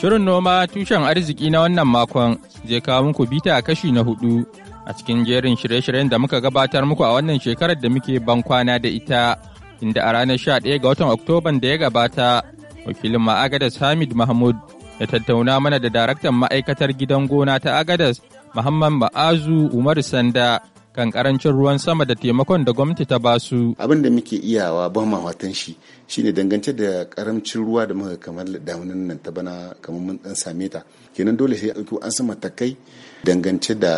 Shirin noma tushen arziki na wannan makon zai kawo muku bita kashi na hudu a cikin jerin shirye-shiryen da muka gabatar muku a wannan shekarar da muke ban kwana da ita inda a ranar 11 ga watan Oktoban da ya gabata wakilin ma'agadas Hamid Mahmud ya tattauna mana da daraktan ma'aikatar gidan gona ta Agadas Muhammad Ma'azu Umar Sanda kan karancin ruwan sama da taimakon da gwamnati ta ba su. Abin da muke iyawa ba ma watan shi shine dangance da karamcin ruwa da muka kamar damunan nan ta bana kamar mun dan same ta. Kenan dole sai ɗauki an sama matakai. dangance da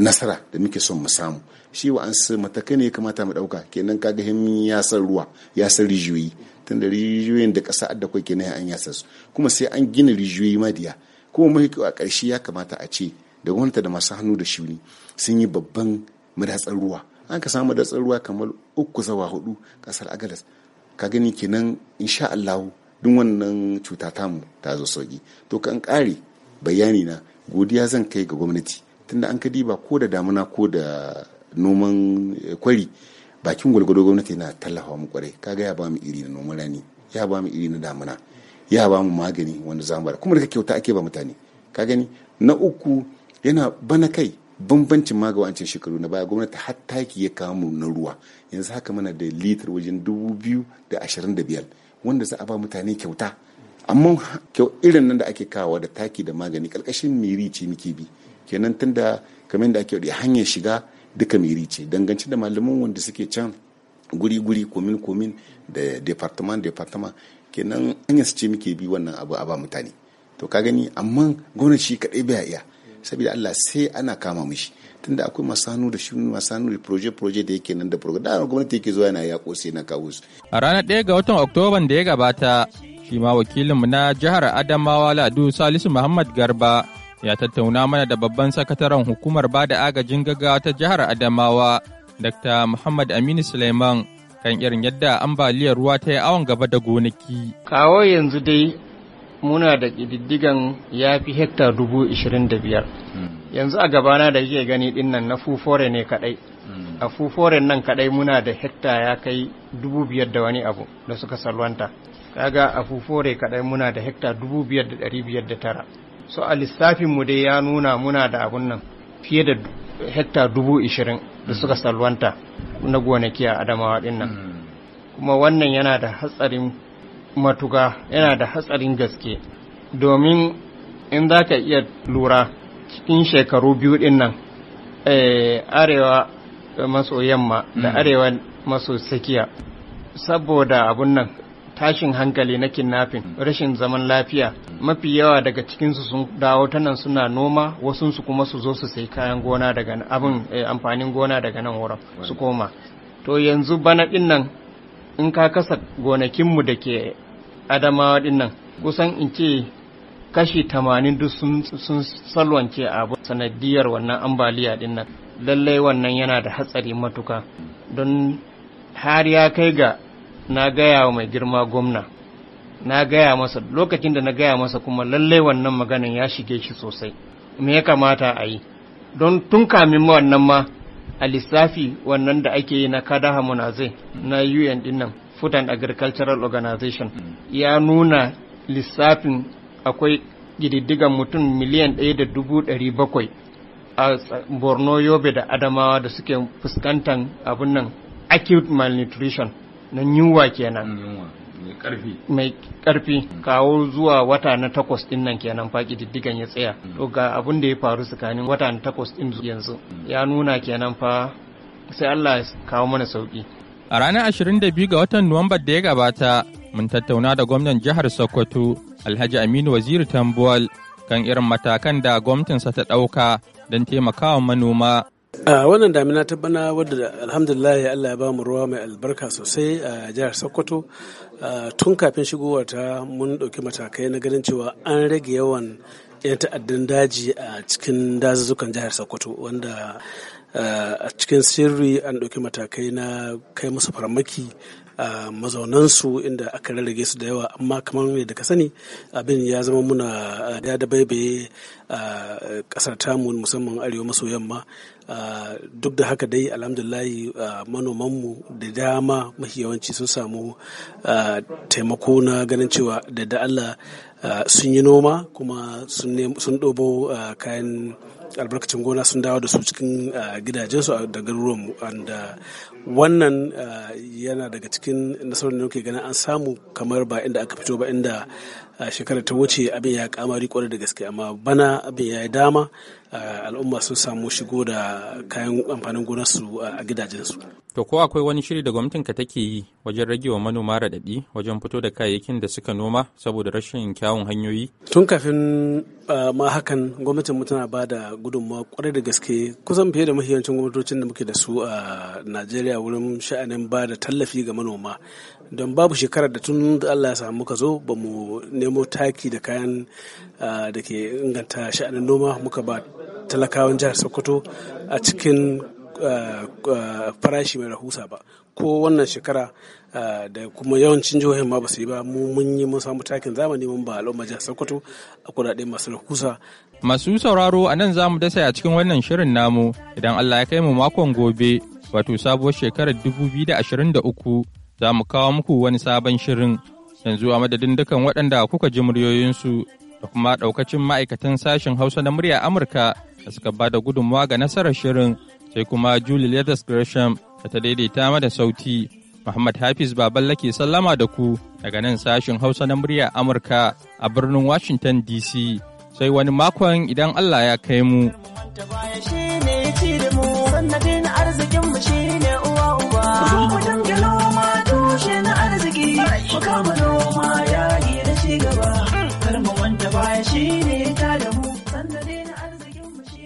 nasara da muke son mu samu. Shi wa an sama matakai ne ya kamata mu ɗauka kenan kaga him ya san ruwa ya san rijiyoyi tun da rijiyoyin da ƙasa adda kwai kenan an yasa su kuma sai an gina rijiyoyi madiya kuma muke a ƙarshe ya kamata a ce da gwamnati da masu hannu da shuni sun yi babban madatsar ruwa an ka samu madatsar ruwa kamar uku zawa hudu kasar agadas ka gani kenan insha allahu duk wannan cuta ta mu ta zo sauki to kan kare bayani na godiya zan kai ga gwamnati tunda an ka diba ko da damuna ko da noman eh, kwari bakin gwalgwado gwamnati na tallafa mu kwarai ga ya ba mu iri na noman rani ya ba mu iri na damuna ya ba mu magani wanda zamu kuma daga kyauta ake ba mutane ka gani na uku yana bana kai bambancin ma ga wancan shekaru na baya gwamnati har taki ya kamu na ruwa yanzu haka muna da litar wajen dubu biyu da ashirin da biyar wanda za a ba mutane kyauta amma kyau irin nan da ake kawo da taki da magani karkashin miri ce muke bi kenan tunda kamar da ake hanyar shiga duka miri ce dangance da malaman wanda suke can guri-guri komin-komin da departement-departement kenan hanyar su ce muke bi wannan abu a ba mutane to ka gani amma gwamnati shi kaɗai baya iya saboda Allah sai ana kama mishi tunda akwai masanu da shi masanu da proje-proje da yake nan da program da gwamnati yake zuwa yana ya kose na kawo su. A ranar ɗaya ga watan Oktoban da ya gabata shi ma wakilinmu na jihar Adamawa Ladu Salisu Muhammad Garba ya tattauna mana da babban sakataren hukumar ba da agajin gaggawa ta jihar Adamawa Dr. Muhammad Aminu Suleiman kan irin yadda ambaliyar ruwa ta yi awon gaba da gonaki. Kawo yanzu dai muna da ƙididdigan ya fi hekta dubu ishirin da biyar hmm. yanzu a gabana da yake gani dinnan na fufore ne kadai hmm. a fuforen nan kadai muna da hekta ya kai dubu biyar da wani abu da suka salwanta kaga a fufore kadai muna da hekta dubu biyar da dari biyar da tara so a lissafin mu dai ya nuna muna da abun nan fiye da hekta dubu ishirin da hmm. suka salwanta na gonaki a adamawa dinnan kuma wannan yana da hatsarin matuka yana da hatsarin gaske domin in za ka iya lura cikin shekaru biyu din nan eh, arewa maso yamma da hmm. arewa maso tsakiya saboda abun nan tashin hankali na kinnafin hmm. rashin zaman lafiya mafi yawa daga cikinsu sun dawo ta nan suna noma wasunsu kuma su zo su sai kayan gona daga abin eh, amfanin gona daga nan wurin su koma to yanzu bana din in ka kasa gonakinmu da ke adamawa ɗinnan kusan in ce kashi tamanin duk sun salwance a sanadiyar wannan ambaliya dinnan lallai wannan yana da hatsari matuka don har ya kai ga na gaya wa mai girma gwamna na gaya masa lokacin da na gaya masa kuma lallai wannan maganin ya shige shi sosai me ya kamata a yi don tun kamin wannan ma a lissafi wannan da ake yi na kada zai na un din nan Food and Agricultural Organization ya nuna lissafin akwai ƙididdigan mutum miliyan ɗaya da dubu ɗari bakwai a Borno Yobe da Adamawa da suke fuskantar abin nan acute malnutrition na yunwa kenan. Mm, mai karfi mm. kawo zuwa wata na takwas din nan kenan fa gididdigan ya tsaya mm. to ga abin da ya faru tsakanin wata na takwas din yanzu ya nuna kenan fa sai Allah ya kawo mana sauki A ranar 22 ga watan nuwamba da ya gabata, mun tattauna da gwamnan jihar Sokoto, Alhaji Aminu Waziri Tambuwal, kan irin matakan da gwamnatinsa ta ɗauka don taimakawa manoma. A wannan damina ta bana wadda alhamdulillah Allah ya ba mu ruwa mai albarka sosai a jihar Sokoto. Tun kafin shigowarta mun ɗauki matakai na ganin cewa an rage yawan 'yan ta'addan daji a cikin dazuzzukan jihar Sokoto wanda Eh, a cikin sirri an ɗauki matakai na kai musu farmaki a mazaunansu inda aka rarrage su da yawa amma kamar ne ka sani abin ya zama muna ya eh, da baibaye a eh, kasar tamu musamman arewa maso yamma duk da haka dai alhamdulahi manomanmu da dama mafi yawanci sun samu taimako na ganin cewa da da Allah Ah, sun yi noma kuma sun ɗobo ah, kayan albarkacin gona sun dawo da su cikin ah, gidajensu da garuruwanmu wanda wannan yana daga cikin nasarar da muke ganin an samu kamar ba inda aka fito ba inda a shekarar ta wuce abin ya kamari kwarai da gaske amma bana abin ya yi dama al'umma sun samu shigo da kayan amfanin gonarsu a gidajensu. To ko akwai wani shiri da gwamnatinka take yi wajen rage wa manoma raɗaɗi wajen fito da kayayyakin da suka noma saboda rashin kyawun hanyoyi? Tun kafin ma hakan gwamnatin mu tana ba da gudunmawa kwarai da gaske kusan fiye da mahiyancin gwamnatocin da muke da su a Najeriya wurin sha'anin ba da tallafi ga manoma don babu shekarar da tun da Allah ya samu ka zo ba mu nemo taki da kayan da ke inganta sha'anin noma muka ba talakawan jihar Sokoto a cikin farashi mai rahusa ba ko wannan shekara da kuma yawancin jihohin ma ba su yi ba mu mun yi mun samu takin zamani mun ba al'umma jihar Sokoto a kuɗaɗe masu rahusa. Masu sauraro a nan za mu dasa a cikin wannan shirin namu idan Allah ya kai mu makon gobe wato sabuwar shekarar 2023 za mu kawo muku wani sabon shirin yanzu a madadin dukan waɗanda kuka ji muryoyinsu da kuma ɗaukacin ma'aikatan sashen hausa na murya amurka da suka ba da gudunmawa ga nasarar shirin sai kuma julie leathers gresham da ta daidaita mada sauti muhammad hafiz baballa ke sallama da ku daga nan sashen hausa na murya amurka a birnin washington dc sai wani makon idan allah ya kai mu.